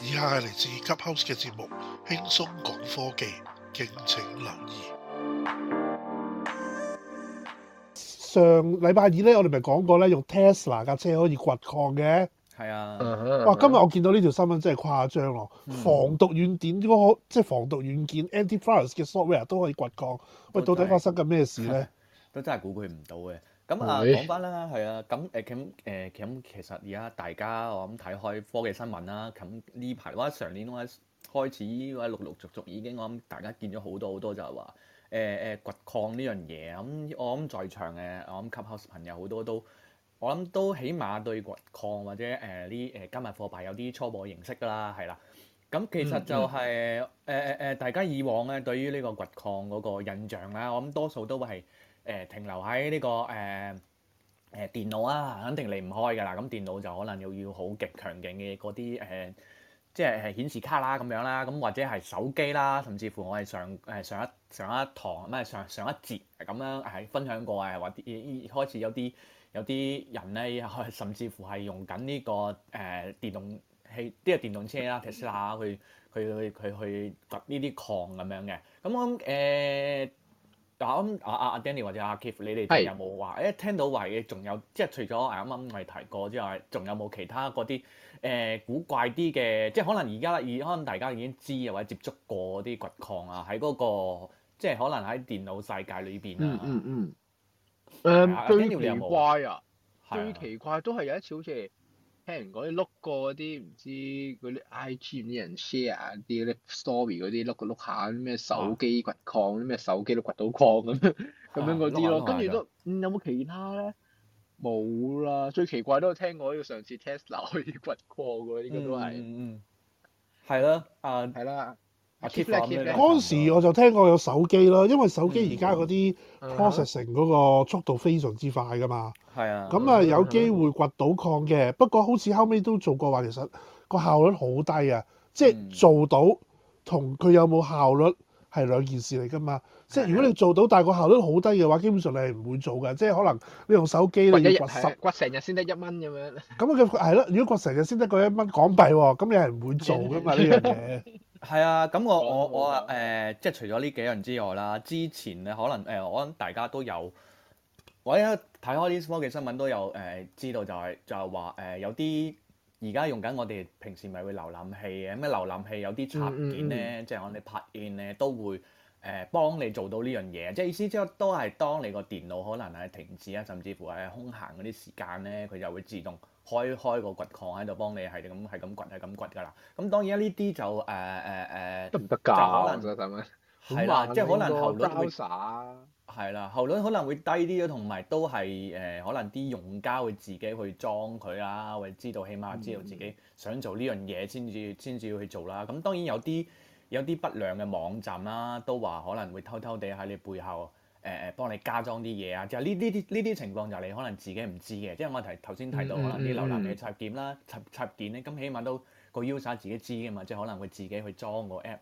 以下係嚟自 Clubhouse 嘅節目，輕鬆講科技，敬請留意。上禮拜二咧，我哋咪講過咧，用 Tesla 架車可以掘礦嘅，係啊。嗯、哇，今日我見到呢條新聞真係誇張咯，嗯、防毒軟點嗰個即係防毒軟件 Anti Virus 嘅 software 都可以掘礦。喂是，到底發生緊咩事咧、嗯？都真係估佢唔到嘅。咁、嗯嗯、啊，講翻啦，係啊，咁誒咁誒咁，其實而家大家我諗睇開科技新聞啦，咁呢排我上年我開始依個陸陸續續已經我諗大家見咗好多好多就係話誒誒掘礦呢樣嘢，咁我諗在場嘅我諗 clubhouse 朋友好多都我諗都起碼對掘礦或者誒啲誒加密貨幣有啲初步認識㗎啦，係啦。咁其實就係誒誒誒，大家以往咧對於呢個掘礦嗰個印象咧，我諗多數都會係。誒、呃、停留喺呢、這個誒誒、呃呃、電腦啊，肯定離唔開㗎啦。咁、嗯、電腦就可能又要好極強勁嘅嗰啲誒，即係係顯示卡啦咁樣啦。咁或者係手機啦，甚至乎我係上誒上一上一堂唔係上上一節咁樣係分享過啊，話、呃、啲開始有啲有啲人咧，甚至乎係用緊、這、呢個誒、呃、電動汽，即、這、係、個、電動車啦 Tesla 去去去去去掘呢啲礦咁樣嘅。咁我誒。咁阿阿阿 Danny 或者阿、啊、Kif，你哋有冇話？一是聽到話嘅仲有，即、就、係、是、除咗啱啱咪提過之外，仲有冇其他嗰啲誒古怪啲嘅？即、就、係、是、可能而家而可能大家已經知或者接觸過啲掘礦啊，喺嗰、那個即係、就是、可能喺電腦世界裏邊啊。嗯嗯嗯。誒最奇怪啊最奇怪！最奇怪都係有一次好似。聽人講啲碌過嗰啲唔知嗰啲 I G 唔知人 share 啲嗰啲 story 嗰啲碌個碌下咩手機掘礦咩手機都掘到礦咁 樣咁樣嗰啲咯，啊、跟住都、啊啊啊嗯、有冇其他咧？冇啦，最奇怪都係聽過要上次 Tesla 可以掘礦喎，呢、這個都係、嗯。嗯嗯。係啦，啊、uh,。係啦。嗰陣時我就聽過有手機啦，因為手機而家嗰啲 processing 嗰個速度非常之快噶嘛。係、嗯、啊。咁啊、嗯、有機會掘到礦嘅，嗯、不過好似後尾都做過話，其實個效率好低啊。即係做到同佢有冇效率係兩件事嚟噶嘛。嗯、即係如果你做到，但係個效率好低嘅話，基本上你係唔會做噶。即係可能你用手機你一掘十掘成日先得一蚊咁樣咁啊，係咯，如果掘成日先得嗰一蚊港幣喎，咁你係唔會做噶嘛，呢樣嘢。 係啊，咁我、哦、我我誒、呃，即係除咗呢幾樣之外啦，之前咧可能誒、呃，我諗大家都有，我一睇開呢啲科技新聞都有誒、呃，知道就係、是、就係話誒，有啲而家用緊我哋平時咪會瀏覽器嘅咩瀏覽器有啲插件咧，嗯嗯嗯、即係我哋拍片咧都會。誒幫你做到呢樣嘢，即係意思即都係當你個電腦可能係停止啊，甚至乎係空閒嗰啲時間呢，佢就會自動開開個掘礦喺度幫你係咁係咁掘係咁掘㗎啦。咁、嗯、當然呢啲就誒誒誒，都、呃、唔得㗎，係嘛、呃？即係可能效率慢會啦，效率可能會低啲咯，同埋都係誒、呃、可能啲用家會自己去裝佢啦，會知道起碼知道自己想做呢樣嘢先至先至要去做啦。咁、嗯嗯嗯嗯嗯嗯、當然有啲。有啲不良嘅網站啦、啊，都話可能會偷偷地喺你背後誒誒幫你加裝啲嘢啊。之後呢呢啲呢啲情況就你可能自己唔知嘅。即係我提頭先提到可能啲瀏覽器插件啦、啊，插插件咧、啊，咁起碼都個 user 自己知㗎嘛。即係可能會自己去裝個 app。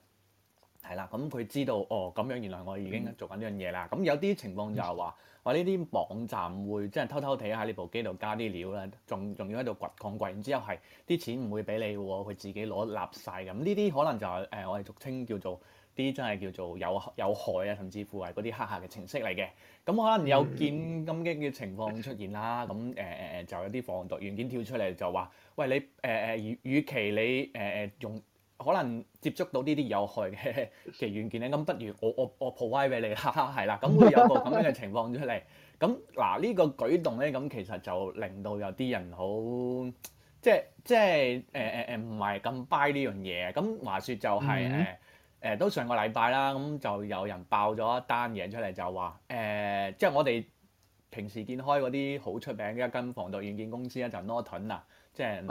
係啦，咁佢 知道哦，咁樣原來我已經做緊呢樣嘢啦。咁有啲情況就係話，話呢啲網站會即係偷偷睇下呢部機度加啲料啦，仲仲要喺度掘礦，然之後係啲錢唔會俾你喎，佢自己攞立晒。咁。呢啲可能就係、是、誒、呃，我哋俗稱叫做啲真係叫做有有害啊，甚至乎係嗰啲黑客嘅程式嚟嘅。咁、嗯、可能有見咁嘅嘅情況出現啦。咁誒誒，就有啲防毒軟件跳出嚟就話，喂，你誒誒、呃呃，與其你誒誒、呃、用。用可能接觸到呢啲有害嘅嘅軟件咧，咁不如我我我 provide 俾你啦，係 啦，咁會有個咁樣嘅情況出嚟。咁嗱呢個舉動咧，咁其實就令到有啲人好，即係即係誒誒誒，唔係咁 buy 呢樣嘢。咁話說就係誒誒，都上個禮拜啦，咁、嗯、就有人爆咗一單嘢出嚟，就話誒，即係我哋平時見開嗰啲好出名嘅一間防毒軟件公司咧，就 Norton 啊、uh，即係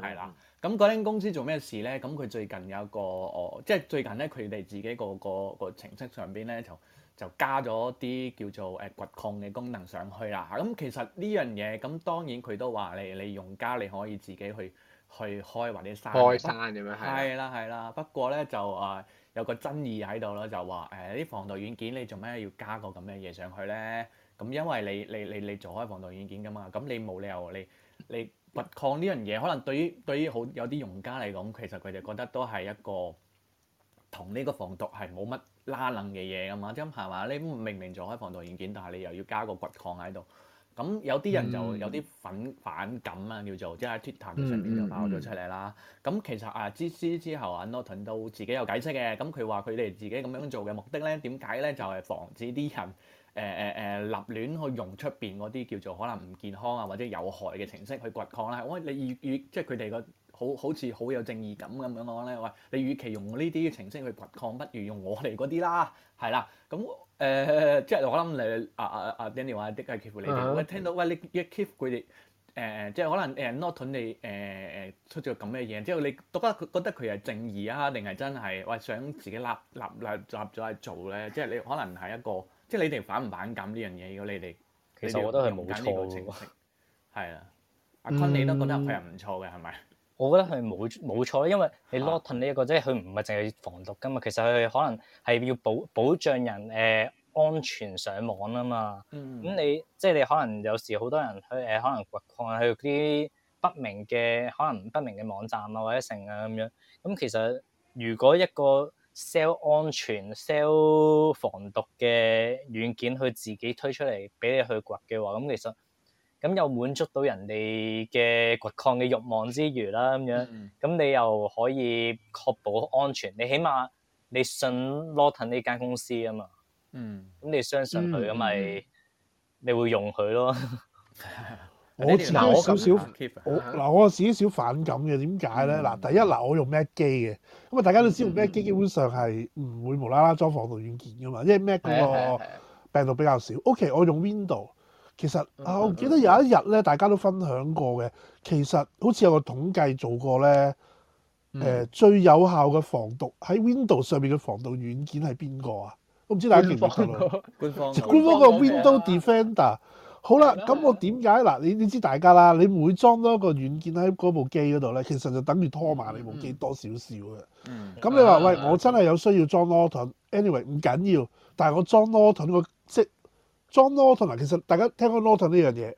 係啦。咁嗰間公司做咩事呢？咁佢最近有個、哦、即係最近呢，佢哋自己個個個程式上邊呢，就就加咗啲叫做誒掘礦嘅功能上去啦。咁其實呢樣嘢，咁當然佢都話你你用家你可以自己去去開或者刪開刪咁樣係。係啦係啦，不過呢，就啊有個爭議喺度咯，就話誒啲防毒軟件你做咩要加個咁嘅嘢上去呢？咁因為你你你，你，你做開防毒軟件噶嘛，咁你冇理由你你。你你你你挖礦呢樣嘢可能對於對於好有啲用家嚟講，其實佢哋覺得都係一個同呢個防毒係冇乜拉冷嘅嘢啊嘛，啫係嘛？你明明做開防毒軟件，但係你又要加個挖礦喺度，咁有啲人就有啲反反感啊，嗯、叫做即喺 Twitter 上面就爆咗出嚟啦。咁、嗯嗯嗯、其實誒之之後，Norton、嗯、都自己有解釋嘅。咁佢話佢哋自己咁樣做嘅目的呢，點解呢？就係、是、防止啲人。誒誒誒，立亂去用出邊嗰啲叫做可能唔健康啊，或者有害嘅程式去掘礦咧。喂，你與即係佢哋個好好似好有正義感咁樣講咧。喂，你與其用呢啲程式去掘礦，不如用我哋嗰啲啦，係 啦。咁誒，即係我諗你，啊啊啊 Daniel 話的確係佩服你哋。喂， 聽到喂你 keep 佢哋誒，即係可能誒 Norton 你誒誒出咗咁嘅嘢之後，你覺得覺得佢係正義啊，定係真係喂想自己立立立立咗去做咧？即係你可能係一個。 即係你哋反唔反感呢樣嘢？如果你哋其實我覺得係冇錯嘅，係啊，阿坤你都覺得佢係唔錯嘅係咪？我覺得係冇冇錯，因為你 Norton 呢一個即係佢唔係淨係防毒㗎嘛，其實佢可能係要保保障人誒、呃、安全上網啊嘛。咁、嗯、你即係你可能有時好多人去誒、呃，可能掘礦去啲不明嘅可能不明嘅網站啊，或者成啊咁樣。咁其實如果一個 sell 安全 sell 防毒嘅軟件，佢自己推出嚟俾你去掘嘅話，咁其實咁又滿足到人哋嘅掘礦嘅欲望之餘啦，咁樣咁你又可以確保安全，你起碼你信 Norton 呢間公司啊嘛，咁、嗯、你相信佢咁咪你會用佢咯。 我自己少少，我嗱我自己、啊、少少反感嘅，點解咧？嗱、嗯，第一嗱，我用 Mac 機嘅，咁啊，大家都知用 Mac 機基本上係唔會無啦啦裝防毒軟件噶嘛，因為 Mac 嗰個病毒比較少。嗯嗯、OK，我用 Window，其實、嗯啊、我記得有一日咧，大家都分享過嘅，其實好似有個統計做過咧，誒、呃嗯、最有效嘅防毒喺 Window 上面嘅防毒軟件係邊個啊？我唔知大家記唔記得官方。官方個 Window Defender。好啦，咁我點解嗱？你你知大家啦，你唔每裝多個軟件喺嗰部機嗰度咧，其實就等於拖埋你部機多少少嘅。咁、嗯、你話喂，嗯、我真係有需要裝 Norton，anyway 唔緊要。但係我裝 Norton，我即裝 Norton 啊！其實大家聽過 Norton 呢樣嘢，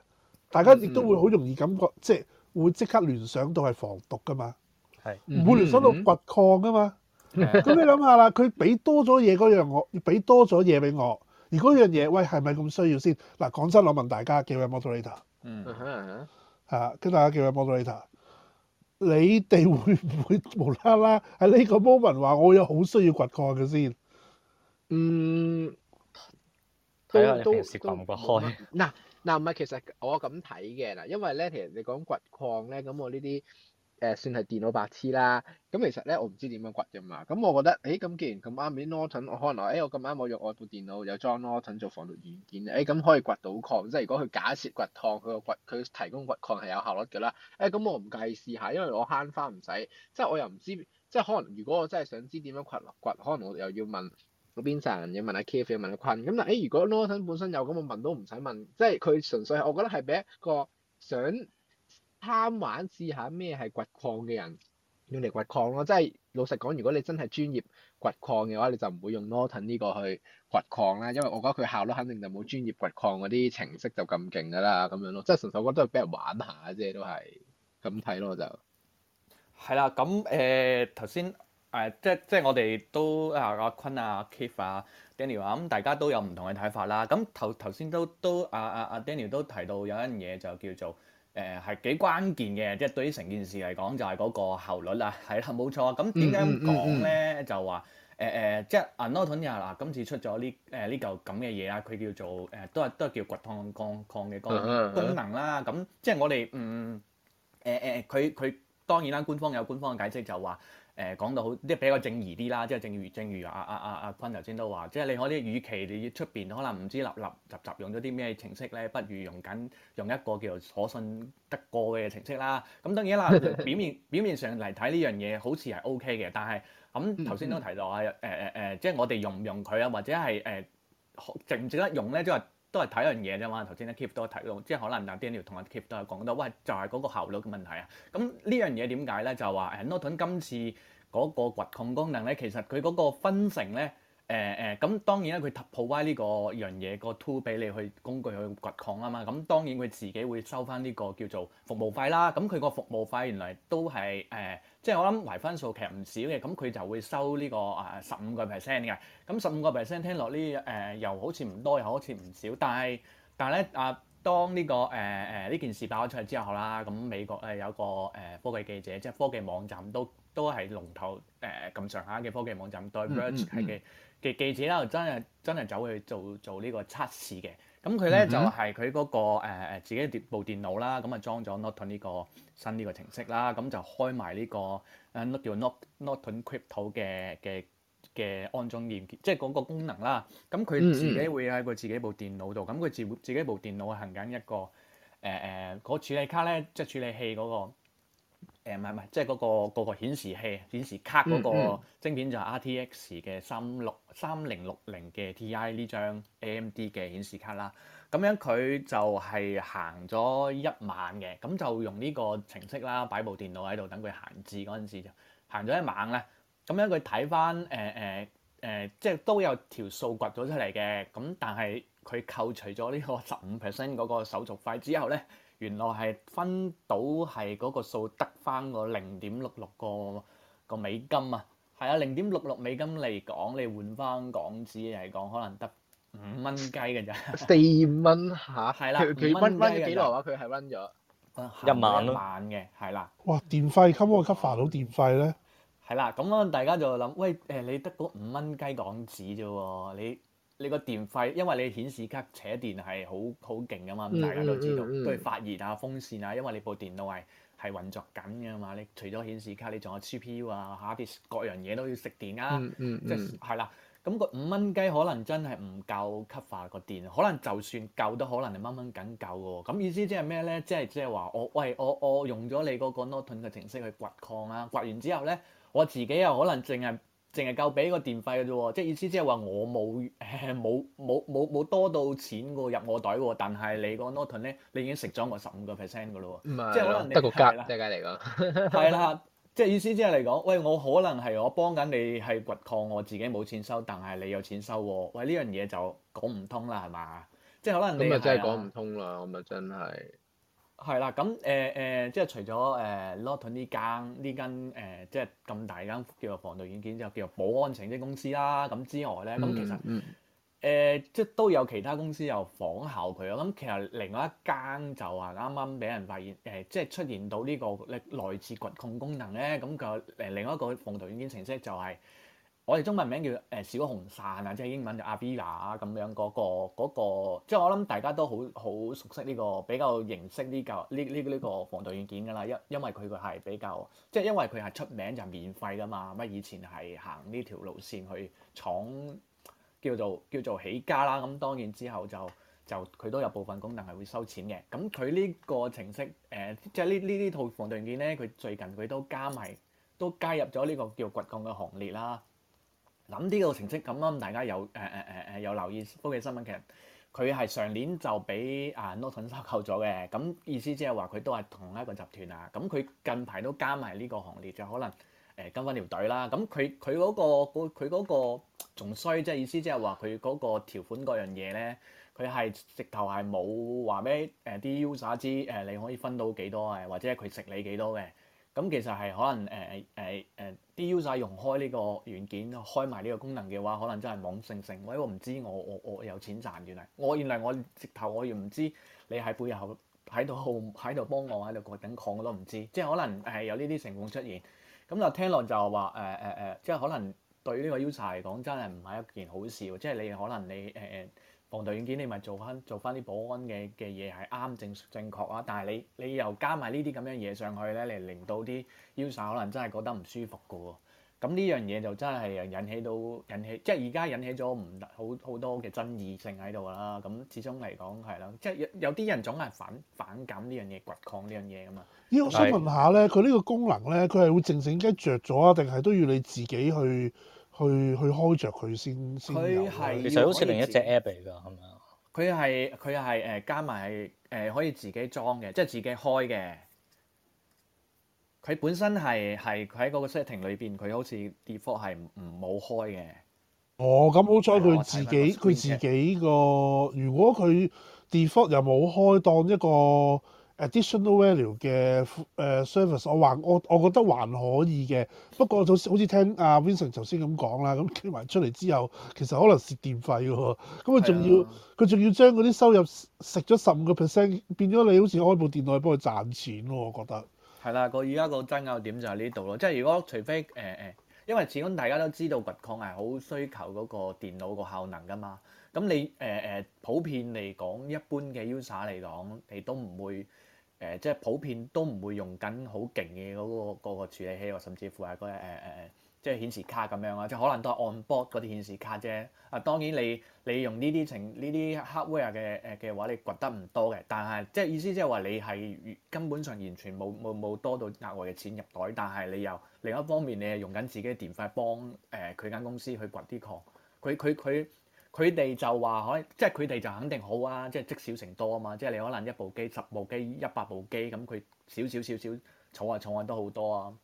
大家亦都會好容易感覺、嗯、即會即刻聯想到係防毒噶嘛，唔、嗯、會聯想到掘礦噶嘛。咁、嗯、 你諗下啦，佢俾多咗嘢嗰樣我，俾多咗嘢俾我。而嗰樣嘢，喂，係咪咁需要先？嗱，講真，我問大家幾位 moderator，嗯，啊，跟大家幾位 moderator，你哋會唔會無啦啦喺呢個 moment 話我有好需要掘礦嘅先？嗯，都都都都，嗱嗱唔係，其實我咁睇嘅嗱，因為咧，其實你講掘礦咧，咁我呢啲。誒算係電腦白痴啦，咁其實咧我唔知點樣掘啫嘛，咁我覺得，誒、欸、咁既然咁啱面 Norton，我可能話，誒、欸、我咁啱我用我部電腦又裝 Norton 做防毒軟件咧，咁、欸、可以掘到礦，礦，即係如果佢假設掘礦，佢個掘佢提供掘礦係有效率㗎啦，誒、欸、咁我唔介意試下，因為我慳翻唔使，即係我又唔知，即係可能如果我真係想知點樣掘落掘，可能我又要問嗰邊人，要問阿 KF，要問阿坤，咁但係如果 Norton 本身有咁，我問都唔使問，即係佢純粹係我覺得係俾一個想。貪玩試下咩係掘礦嘅人用嚟掘礦咯，即係老實講，如果你真係專業掘礦嘅話，你就唔會用 Norton 呢個去掘礦啦，因為我覺得佢效率肯定就冇專業掘礦嗰啲程式就咁勁噶啦，咁樣咯，即係純粹覺得都係俾人玩下啫，都係咁睇咯就。係啦，咁誒頭先誒即即我哋都阿阿坤啊、啊、Kev 啊、Daniel 啊、嗯，咁大家都有唔同嘅睇法啦。咁頭頭先都都阿阿阿 Daniel 都提到有一樣嘢就叫做。誒係幾關鍵嘅，即係對於成件事嚟講就係嗰個效率啦，係啦，冇錯。咁點解會講咧？就話誒誒，即係 Norton 啊，嗱，今次出咗呢誒呢嚿咁嘅嘢啊，佢叫做誒都係都係叫掘礦礦嘅礦功能啦。咁即係我哋嗯誒誒，佢、呃、佢當然啦，官方有官方嘅解釋就話。誒講到好即係比較正義啲啦，即係正如正如啊。阿阿阿坤頭先都話，即係你可啲，與其你出邊可能唔知立立雜雜用咗啲咩程式咧，不如用緊用一個叫做可信得過嘅程式啦。咁當然啦， 表面表面上嚟睇呢樣嘢好似係 O K 嘅，但係咁頭先都提到啊，誒誒誒，即係我哋用唔用佢啊，或者係誒、呃、值唔值得用咧，即係。都係睇樣嘢啫嘛，頭先咧 keep 多睇咯，即係可能 Daniel 同我 keep 都係講到，喂就係、是、嗰個效率嘅問題啊。咁呢樣嘢點解咧？就話、是、誒 Norton 今次嗰個掘礦功能咧，其實佢嗰個分成咧，誒、呃、誒，咁、呃嗯、當然啦，佢 provide 呢個樣嘢個 tool 俾你去工具去掘礦啊嘛。咁、嗯、當然佢自己會收翻呢個叫做服務費啦。咁佢個服務費原來都係誒。呃即係我諗維分數其實唔少嘅，咁佢就會收呢個誒十五個 percent 嘅。咁十五個 percent 聽落呢誒又好似唔多，又好似唔少。但係但係咧，啊當呢、呢個誒誒呢件事爆咗出嚟之後啦，咁美國誒有個誒、呃、科技記者，即係科技網站都都係龍頭誒咁上下嘅科技網站，呃網站 mm hmm. 對嘅嘅記者咧，真係真係走去做做呢個測試嘅。咁佢咧就係佢嗰個誒、呃、自己部電腦啦，咁、嗯、啊裝咗 Norton 呢、這個新呢個程式啦，咁、嗯、就開埋呢、這個誒、呃、叫 Not Norton Crypto 嘅嘅嘅安裝鍵，即係嗰個功能啦。咁、嗯、佢自己會喺佢自己部電腦度，咁佢自自己部電腦行緊一個誒誒嗰處理卡咧，即係處理器嗰、那個。誒唔係唔係，嗯嗯、即係嗰、嗰個、嗰個顯示器顯示卡嗰個晶片就係 RTX 嘅三六三零六零嘅 TI 呢張 AMD 嘅顯示卡啦。咁樣佢就係行咗一晚嘅，咁就用呢個程式啦，擺部電腦喺度等佢行至嗰陣時就行咗一晚咧。咁樣佢睇返誒誒誒，即係都有條數掘咗出嚟嘅。咁但係佢扣除咗呢個十五 percent 嗰個手續費之後咧。原來係分到係嗰個數得翻個零點六六個個美金啊！係啊，零點六六美金嚟講，你換翻港紙嚟講，可能得五蚊雞嘅啫。四五蚊嚇？係啦，佢佢 run run 幾耐話佢係 run 咗一晚咯。一晚嘅係啦。哇！電費 cut 喎，cut 煩到電費咧。係啦，咁啊，大家就諗，喂誒，你得嗰五蚊雞港紙啫喎，你。你個電費，因為你顯示卡扯電係好好勁噶嘛，大家都知道都係發熱啊、風扇啊，因為你部電腦係係運作緊噶嘛。你除咗顯示卡，你仲有 CPU 啊、下啲各樣嘢都要食電啊，即係係啦。咁個五蚊雞可能真係唔夠吸化個電，可能就算夠都可能係掹掹緊夠嘅喎。咁意思即係咩咧？即係即係話我喂我我用咗你嗰個 Norton 嘅程式去掘礦啊，掘完之後咧我自己又可能淨係。淨係夠俾個電費嘅啫喎，即係意思即係話我冇冇冇冇冇多到錢過入我袋喎，但係你個 Norton 咧，你已經食咗我十五個 percent 噶咯喎，即係可能你得個加，得個加嚟講，係啦，即係意思即係嚟講，喂，我可能係我幫緊你係掘礦我自己冇錢收，但係你有錢收喎，喂，呢樣嘢就講唔通啦，係嘛？即係可能你咁真係講唔通啦，咁咪真係。係啦，咁誒誒，即係除咗誒 Norton 呢間呢間誒，即係咁大間叫做防毒軟件，就叫做保安程式公司啦咁之外咧，咁、嗯嗯、其實誒、呃、即係都有其他公司有仿效佢。我、嗯、諗其實另外一間就話啱啱俾人發現誒、呃，即係出現到、這個、呢個咧內置掘礦功能咧，咁佢誒另外一個防毒軟件程式就係、是。我哋中文名叫誒小紅傘啊，即係英文就 Avira 咁樣嗰、嗰個、嗰個、即係我諗大家都好好熟悉呢、呢個比較認識呢個呢呢呢個防毒軟件㗎啦，因為因為佢個係比較即係因為佢係出名就是、免費㗎嘛，乜以前係行呢條路線去闖叫做叫做起家啦，咁當然之後就就佢都有部分功能係會收錢嘅，咁佢呢個程式誒、呃、即係呢呢套防毒軟件呢，佢最近佢都加埋都加入咗呢個叫掘礦嘅行列啦。諗呢個成績咁啊，大家有誒誒誒誒有留意科技、啊、新聞？其實佢係上年就俾啊 Norton 收購咗嘅，咁意思即係話佢都係同一個集團啊。咁佢近排都加埋呢個行列，就可能誒跟翻條隊啦。咁佢佢嗰個佢嗰個仲衰，即係意思即係話佢嗰個條款嗰樣嘢咧，佢係直頭係冇話咩誒啲 user 知誒，呃、你可以分到幾多嘅，或者係佢食你幾多嘅。咁其實係可能誒誒誒啲 user 用開呢個軟件開埋呢個功能嘅話，可能真係懵盛盛，喂我唔知我我我有錢賺，原來我原來我直頭我原唔知你喺背後喺度喺度幫我喺度挖緊礦我都唔知，即係可能係有呢啲情況出現。咁就聽落就話誒誒誒，即係可能對呢個 user 嚟講真係唔係一件好事，即係你可能你誒。呃呃呃防毒軟件你咪做翻做翻啲保安嘅嘅嘢係啱正正，正確啊！但係你你又加埋呢啲咁樣嘢上去咧，嚟令到啲 user 可能真係覺得唔舒服嘅喎。咁呢樣嘢就真係引起到引起即係而家引起咗唔好好多嘅爭議性喺度啦。咁始終嚟講係咯，即係有有啲人總係反反感呢樣嘢，掘礦呢樣嘢㗎嘛。咦？我想問下咧，佢呢是個功能咧，佢係會正動一着咗啊，定係都要你自己去？去去開着佢先先，係其實好似另一隻 app 嚟㗎，係咪啊？佢係佢係誒加埋誒可以自己裝嘅，即係自己開嘅。佢本身係係佢喺嗰個 setting 裏邊，佢好似 default 係唔冇開嘅。哦，咁好彩佢自己佢自己個，如果佢 default 又冇開，當一個。Additional value 嘅誒 service，我話我我覺得還可以嘅。不過就是、好似好似聽阿、啊、Vincent 頭先咁講啦，咁計埋出嚟之後，其實可能蝕電費喎。咁佢仲要佢仲的要將嗰啲收入食咗十五個 percent，變咗你好似開部電腦去幫佢賺錢喎。我覺得係啦，個而家個爭拗點就係呢度咯。即係如果除非誒誒、呃，因為始終大家都知道掘礦係好需求嗰個電腦個效能噶嘛。咁你誒誒、呃、普遍嚟講，一般嘅 user 嚟講，你都唔會。誒即係普遍都唔會用緊好勁嘅嗰個個處理器，甚至乎係個誒誒即係顯示卡咁樣啦，即係可能都係 on-board 嗰啲顯示卡啫。啊，當然你你用呢啲程呢啲 hardware 嘅誒嘅、呃、話，你掘得唔多嘅，但係即係意思即係話你係根本上完全冇冇冇多到額外嘅錢入袋，但係你又另一方面你係用緊自己嘅電費幫誒佢間公司去掘啲礦，佢佢佢。佢哋就話可以，即係佢哋就肯定好啊！即係積少成多啊嘛！即係你可能一部機、十部機、一百部機咁，佢少少少少儲啊儲啊都好多啊！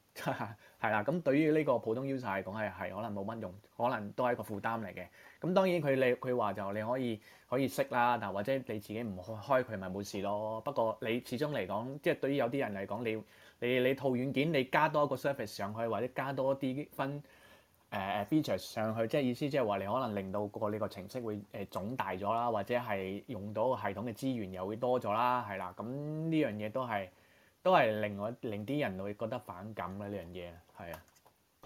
係 啦，咁對於呢個普通 user 嚟講係係可能冇乜用，可能都係一個負擔嚟嘅。咁當然佢你佢話就你可以可以熄啦，但或者你自己唔開佢咪冇事咯。不過你始終嚟講，即係對於有啲人嚟講，你你你套軟件你加多個 service 上去，或者加多啲分。誒誒、uh, feature 上去，即係意思即係話你可能令到個呢個程式會誒腫、呃、大咗啦，或者係用到個系統嘅資源又會多咗啦，係啦，咁、嗯、呢樣嘢都係都係令我令啲人會覺得反感嘅呢樣嘢，係啊，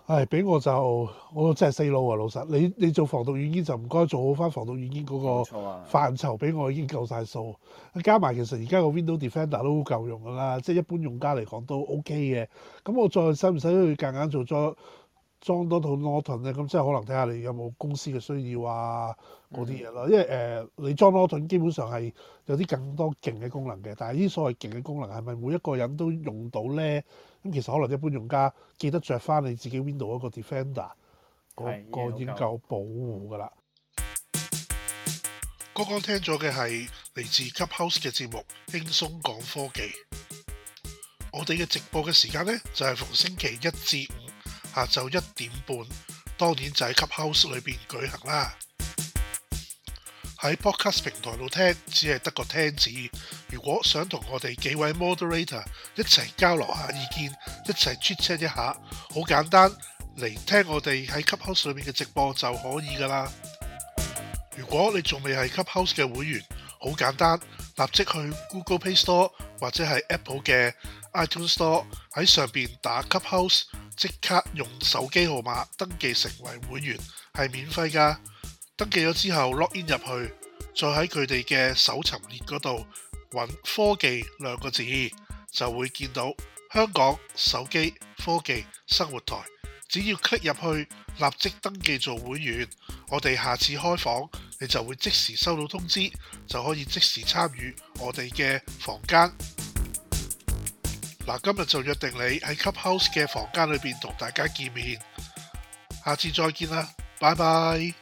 係俾、哎、我就我真係細佬啊，老實，你你做防毒軟件就唔該做好翻防毒軟件嗰個範疇俾我已經夠晒數，啊、加埋其實而家個 Window Defender 都夠用噶啦，即係一般用家嚟講都 OK 嘅，咁我再使唔使去夾硬做咗？裝多套 Norton 咧，咁即係可能睇下你有冇公司嘅需要啊嗰啲嘢咯。嗯、因為誒、呃，你裝 Norton 基本上係有啲更多勁嘅功能嘅，但係呢啲所謂勁嘅功能係咪每一個人都用到咧？咁、嗯、其實可能一般用家記得着返你自己 Window 嗰個 Defender 嗰是個已經夠保護㗎啦。剛剛聽咗嘅係嚟自 Clubhouse 嘅節目《輕鬆講科技》，我哋嘅直播嘅時間咧就係、是、逢星期一至五。下晝一點半，當然就喺 Clubhouse 裏面舉行啦。喺 Podcast 平台度聽，只係得個聽字。如果想同我哋幾位 Moderator 一齊交流下意見，嗯、一齊 Twitter 一下，好簡單，嚟聽我哋喺 Clubhouse 裏面嘅直播就可以㗎喇。如果你仲未係 Clubhouse 嘅會員，好簡單，立即去 Google Play Store 或者係 Apple 嘅 iTunes Store，喺上面打「Clubhouse」。即刻用手機號碼登記成為會員，係免費㗎。登記咗之後 ，login 入去，再喺佢哋嘅搜尋列嗰度揾科技兩個字，就會見到香港手機科技生活台。只要 click 入去，立即登記做會員，我哋下次開房，你就會即時收到通知，就可以即時參與我哋嘅房間。嗱，今日就約定你喺 Clubhouse 嘅房間裏邊同大家見面，下次再見啦，拜拜。